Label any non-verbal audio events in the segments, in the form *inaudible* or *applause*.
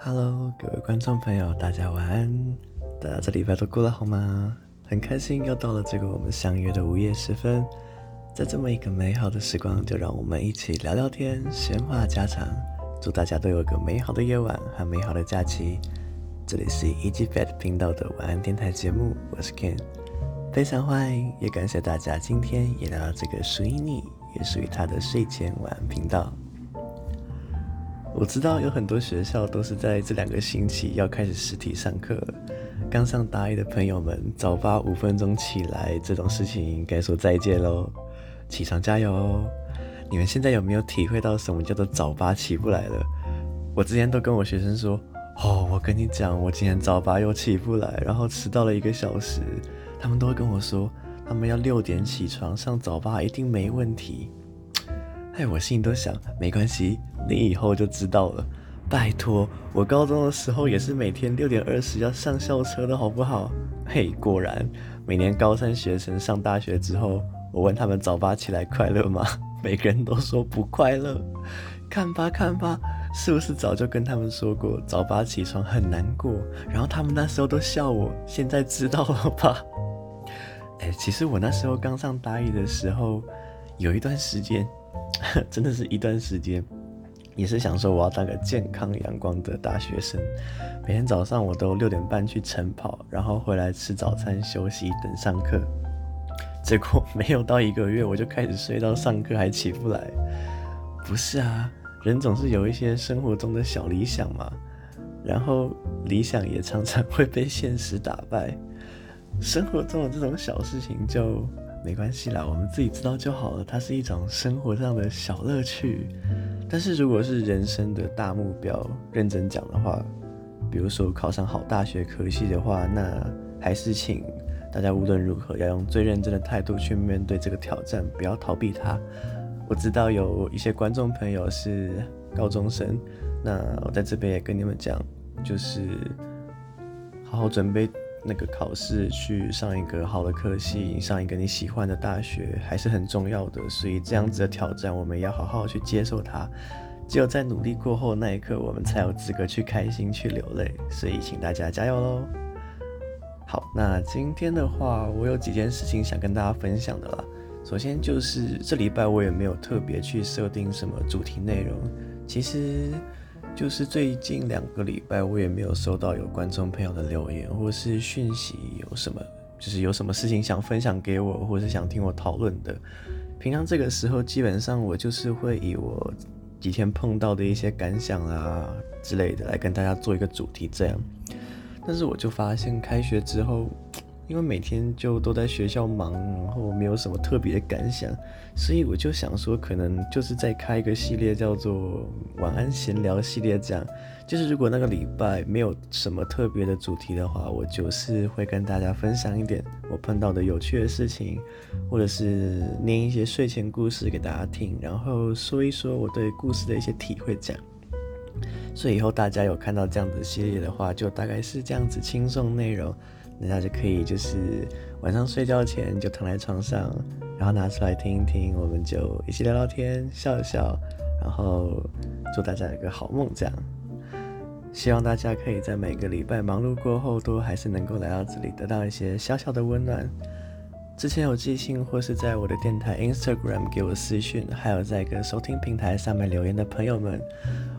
Hello，各位觀眾朋友，大家晚安！大家這禮拜都過了好嗎？很開心又到了這個我們相約的午夜時分，在這麼一個美好的時光，就讓我們一起聊聊天，閒話家常。祝大家都有個美好的夜晚和美好的假期。這裡是一級棒頻道的晚安電台節目，我是 Ken，非常歡迎，也感謝大家今天也來到這個屬於你，也屬於他的睡前晚安頻道。我知道有很多學校都是在這兩個星期要開始實體上課。剛上大一的朋友們，早八五分鐘起來這種事情應該說再見嘍。起床加油哦！你們現在有沒有體會到什麼叫做早八起不來了？我之前都跟我學生說，哦，我跟你講，我今天早八又起不來，然後遲到了一個小時。他們都會跟我說，他們要六點起床上早八一定沒問題。在，哎，我心裡都想，沒關係，你以後就知道了。拜託，我高中的時候也是每天六點二十要上校車的，好不好？嘿，果然，每年高三學生上大學之後，我問他們早八起來快樂嗎？每個人都說不快樂。看吧，看吧，是不是早就跟他們說過早八起床很難過？然後他們那時候都笑我，現在知道了吧？哎，其實我那時候剛上大一的時候，有一段時間。 *laughs* 真的是一段時間，也是想說我要當個健康陽光的大學生。每天早上我都六點半去晨跑，然後回來吃早餐、休息、等上課。結果沒有到一個月，我就開始睡到上課還起不來。不是啊，人總是有一些生活中的小理想嘛，然後理想也常常會被現實打敗。生活中的這種小事情就。沒關係啦，我們自己知道就好了。它是一種生活上的小樂趣。但是如果是人生的大目標，認真講的話，比如說考上好大學科系的話，那還是請大家無論如何要用最認真的態度去面對這個挑戰，不要逃避它。我知道有一些觀眾朋友是高中生，那我在這邊也跟你們講，就是好好準備。那個考試，去上一個好的科系，上一個你喜歡的大學，還是很重要的。所以這樣子的挑戰，我們要好好去接受它。只有在努力過後那一刻，我們才有資格去開心，去流淚。所以，請大家加油嘍！好，那今天的話，我有幾件事情想跟大家分享的啦。首先就是這禮拜我也沒有特別去設定什麼主題內容，其實。就是最近兩個禮拜，我也沒有收到有觀眾朋友的留言或是訊息，有什麼就是有什麼事情想分享給我，或是想聽我討論的。平常這個時候，基本上我就是會以我幾天碰到的一些感想啊之類的來跟大家做一個主題這樣。但是我就發現，開學之後。因為每天就都在學校忙，然後沒有什麼特別的感想，所以我就想說，可能就是再開一個系列，叫做“晚安閒聊”系列。這樣，就是如果那個禮拜沒有什麼特別的主題的話，我就是會跟大家分享一點我碰到的有趣的事情，或者是念一些睡前故事給大家聽，然後說一說我對故事的一些體會。這樣。所以以後大家有看到這樣子系列的話，就大概是這樣子輕鬆的內容，那大家可以就是晚上睡覺前就躺在床上，然後拿出來聽一聽，我們就一起聊聊天，笑一笑，然後祝大家有個好夢。這樣，希望大家可以在每個禮拜忙碌過後，都還是能夠來到這裡，得到一些小小的溫暖。之前有寄信或是在我的電台 Instagram 給我私訊，還有在一個收聽平台上面留言的朋友們。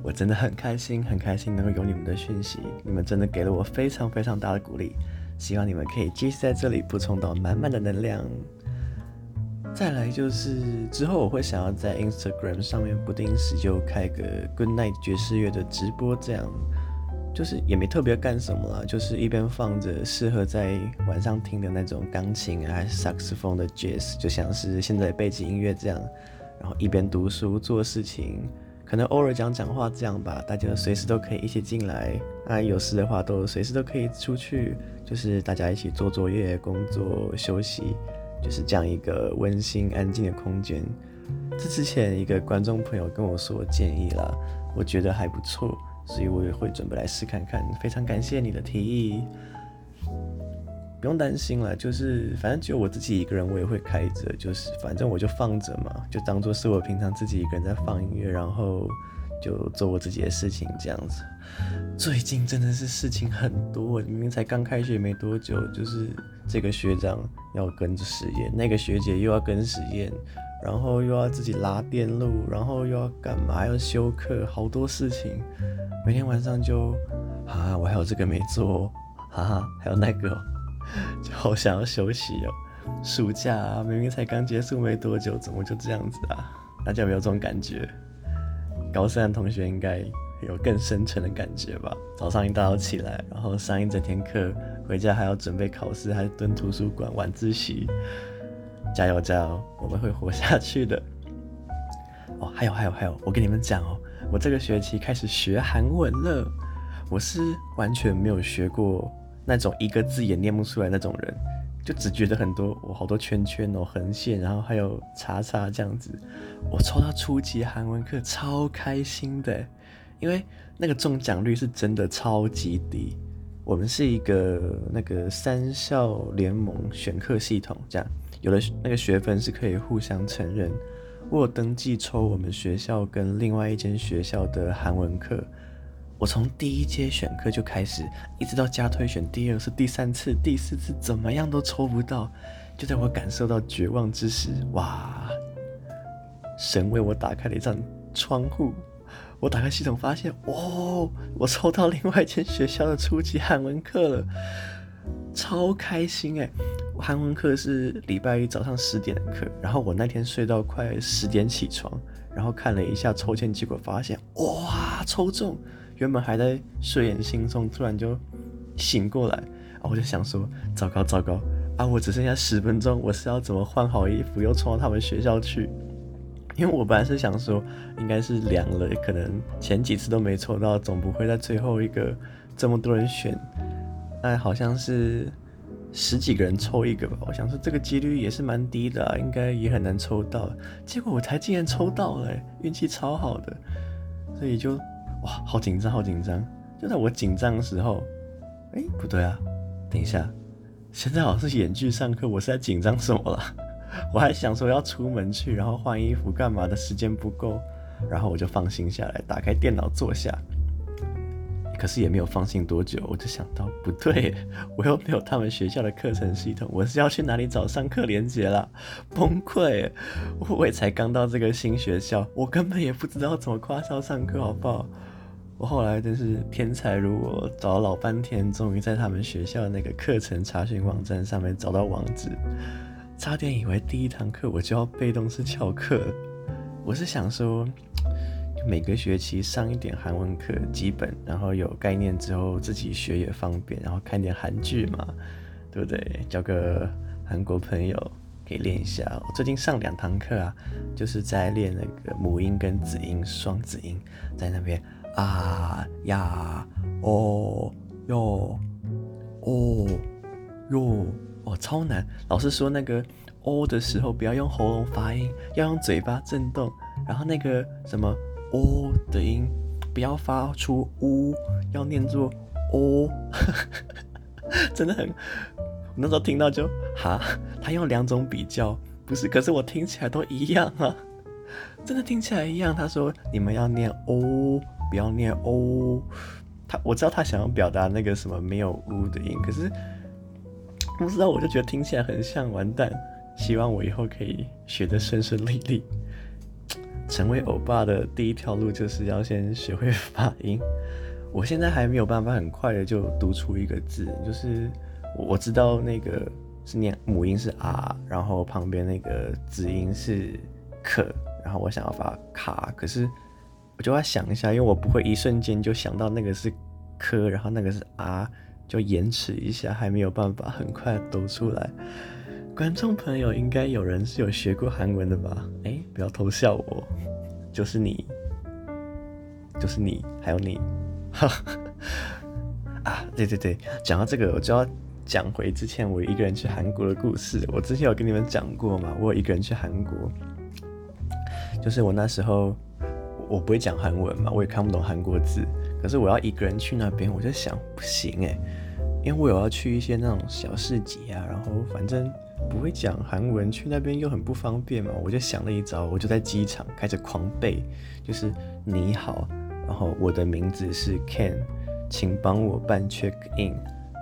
我真的很開心，很開心能夠有你們的訊息，你們真的給了我非常非常大的鼓勵。希望你們可以繼續在這裡補充到滿滿的能量。再來就是之後我會想要在 Instagram 上面不定時就開個 Good Night 爵士樂的直播，這樣就是也沒特別幹什麼啦，就是一邊放着適合在晚上聽的那種鋼琴啊，還是薩克斯風的爵士，就像是現在背景音樂這樣，然後一邊讀書做事情。可能偶爾講講話這樣吧，大家隨時都可以一起進來啊，有事的話都隨時都可以出去，就是大家一起做作業、工作、休息，就是這樣一個溫馨安靜的空間。這之前一個觀眾朋友跟我說建議了，我覺得還不錯，所以我也會準備來試看看。非常感謝你的提議。不用擔心了，就是反正就我自己一個人，我也會開着，就是反正我就放着嘛，就當做是我平常自己一個人在放音樂，然後就做我自己的事情這樣子。最近真的是事情很多，明明才剛開學沒多久，就是這個學長要跟着實驗，那個學姐又要跟實驗，然後又要自己拉電路，然後又要幹嘛，要修課，好多事情。每天晚上就啊，我還有這個沒做，哈，啊，哈，還有那個哦。就好想要休息哦，暑假啊，明明才剛結束沒多久，怎麼就這樣子啊？大家有沒有這種感覺？高三的同學應該有更深層的感覺吧？早上一大早起來，然後上一整天課，回家還要準備考試，還蹲圖書館晚自習。加油加油，我們會活下去的。哦，還有還有還有，我跟你們講哦，我這個學期開始學韓文了，我是完全沒有學過。那種一個字也念不出來那種人，就只覺得很多，我好多圈圈哦，橫線，然後還有叉叉這樣子。我抽到初級韓文課超開心的，因為那個中獎率是真的超級低。我們是一個那個三校聯盟選課系統，這樣有的那個學分是可以互相承認。我有登記抽我們學校跟另外一間學校的韓文課。我從第一階選課就開始，一直到加退選第二次、第三次、第四次，怎麼樣都抽不到。就在我感受到絕望之時，哇！神為我打開了一扇窗戶。我打開系統發現，哇、哦！我抽到另外一間學校的初級韓文課了，超開心哎！韓文課是禮拜一早上十點的課，然後我那天睡到快十點起床，然後看了一下抽籤，結果發現，哇！抽中！原本還在睡眼惺忪，突然就醒過來然後、啊、我就想說，糟糕糟糕啊！我只剩下十分鐘，我是要怎麼換好衣服又衝到他們學校去？因為我本來是想說，應該是涼了，可能前幾次都沒抽到，總不會在最後一個這麼多人選，但好像是十幾個人抽一個吧？我想說這個幾率也是蠻低的、啊，應該也很難抽到。結果我才竟然抽到了、欸，運氣超好的，所以就。哇，好緊張，好緊張！就在我緊張的時候，哎、欸，不對啊，等一下，現在好像是遠距上課，我是在緊張什麼了？我還想說要出門去，然後換衣服幹嘛的，時間不夠，然後我就放心下來，打開電腦坐下。可是也沒有放心多久，我就想到不對，我又沒有他們學校的課程系統，我是要去哪裡找上課連結啦？崩潰！我也才剛到這個新學校，我根本也不知道怎麼跨校上課，好不好？我後來真是天才如我，如果找了老半天，終於在他們學校那個課程查詢網站上面找到網址，差點以為第一堂課我就要被動式翹課。我是想說，每個學期上一點韓文課，基本，然後有概念之後自己學也方便，然後看點韓劇嘛，對不對？交個韓國朋友可以練一下。我最近上兩堂課啊，就是在練那個母音跟子音雙子音，在那邊。啊呀！哦喲！哦喲！哦，超難！老師說那個哦的時候不要用喉嚨發音，要用嘴巴震動。然後那個什麼哦的音不要發出嗚，要念作哦。 *laughs* 真的很……我那時候聽到就哈，他用兩種比較，不是？可是我聽起來都一樣啊，真的聽起來一樣。他說你們要念哦。不要念哦，他，我知道他想要表達那個什麼沒有烏的音，可是不知道，我就覺得聽起來很像完蛋。希望我以後可以學得順順利利。成為歐巴的第一條路就是要先學會發音。我現在還沒有辦法很快的就讀出一個字，就是我知道那個是念母音是啊，然後旁邊那個子音是可，然後我想要發卡，可是。我就要想一下，因為我不會一瞬間就想到那個是科，然後那個是啊，就延遲一下，還沒有辦法很快讀出來。觀眾朋友應該有人是有學過韓文的吧？哎、欸，不要偷笑我，就是你，就是你，還有你。哈 *laughs* 啊，對對對，講到這個，我就要講回之前我一個人去韓國的故事。我之前有跟你們講過嘛，我有一個人去韓國，就是我那時候。我不會講韓文嘛，我也看不懂韓國字。可是我要一個人去那邊，我就想不行誒，因為我有要去一些那種小市集啊，然後反正不會講韓文，去那邊又很不方便嘛。我就想了一招，我就在機場開始狂背，就是你好，然後我的名字是 Ken，請幫我辦 check in，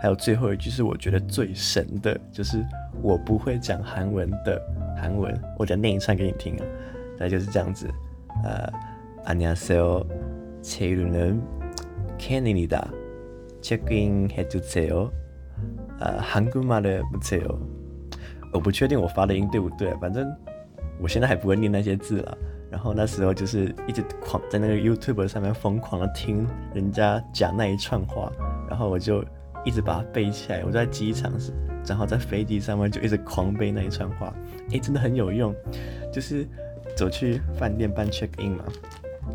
還有最後一句是我覺得最神的，就是我不會講韓文的韓文，我講念一串給你聽啊。那就是這樣子，呃。안녕하세요.제이름켄입니다.체크인해주세요.한국말은못해요.我不確定我發的音對不對，反正我現在還不會念那些字了。然後那時候就是一直狂在那個 YouTube 上面瘋狂的聽人家講那一串話，然後我就一直把它背起來。我在機場時，然後在飛機上面就一直狂背那一串話。哎、欸，真的很有用，就是走去飯店辦 check in 嘛。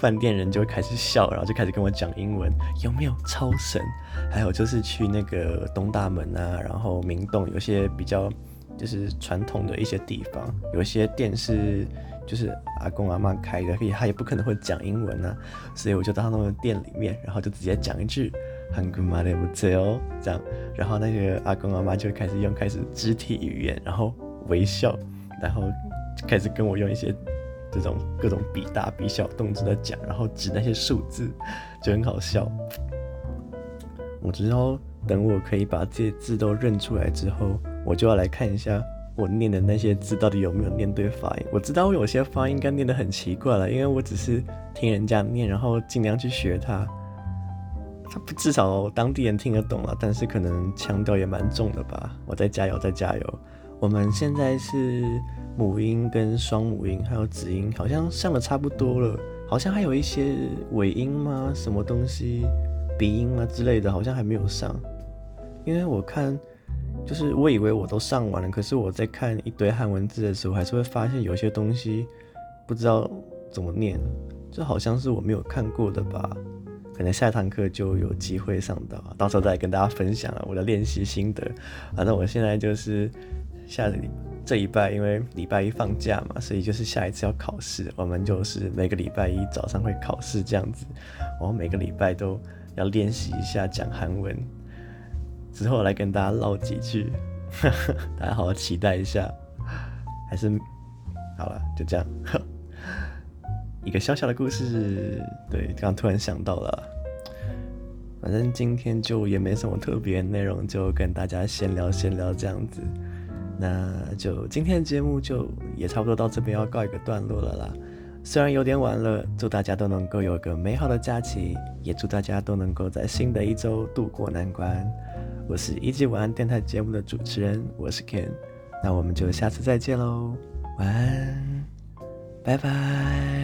飯店人就會開始笑，然後就開始跟我講英文，有沒有超神？還有就是去那個東大門啊，然後明洞，有些比較就是傳統的一些地方，有些店是就是阿公阿嬤開的，所以他也不可能會講英文啊，所以我就到他們店裡面，然後就直接講一句 “Hello”，這樣，然後那些阿公阿嬤就會開始用開始肢體語言，然後微笑，然後開始跟我用一些。這種各種比大比小動作的講，然後指那些數字，就很好笑。我只要等我可以把這些字都認出來之後，我就要來看一下我念的那些字到底有沒有念對發音。我知道我有些發音應該念得很奇怪了，因為我只是聽人家念，然後盡量去學它。至少當地人聽得懂了，但是可能腔調也蠻重的吧。我再加油，再加油。我們現在是。母音跟雙母音還有子音好像上的差不多了，好像還有一些尾音嗎？什麼東西鼻音嗎之類的，好像還沒有上。因為我看，就是我以為我都上完了，可是我在看一堆漢文字的時候，還是會發現有些東西不知道怎麼念，就好像是我沒有看過的吧。可能下一堂課就有機會上到，到時候再跟大家分享了、啊、我的練習心得。反、啊、正我現在就是下着，這一拜，因為禮拜一放假嘛，所以就是下一次要考試。我們就是每個禮拜一早上會考試這樣子，我們每個禮拜都要練習一下講韓文，之後來跟大家嘮幾句呵呵，大家好好期待一下。還是好了，就這樣呵，一個小小的故事。對，剛突然想到了，反正今天就也沒什麼特別內容，就跟大家閒聊閒聊這樣子。那就今天的節目就也差不多到這邊要告一個段落了啦。雖然有點晚了，祝大家都能夠有個美好的假期，也祝大家都能夠在新的一周度過難關。我是一級晚安電台節目的主持人，我是 Ken，那我們就下次再見嘍，晚安，拜拜。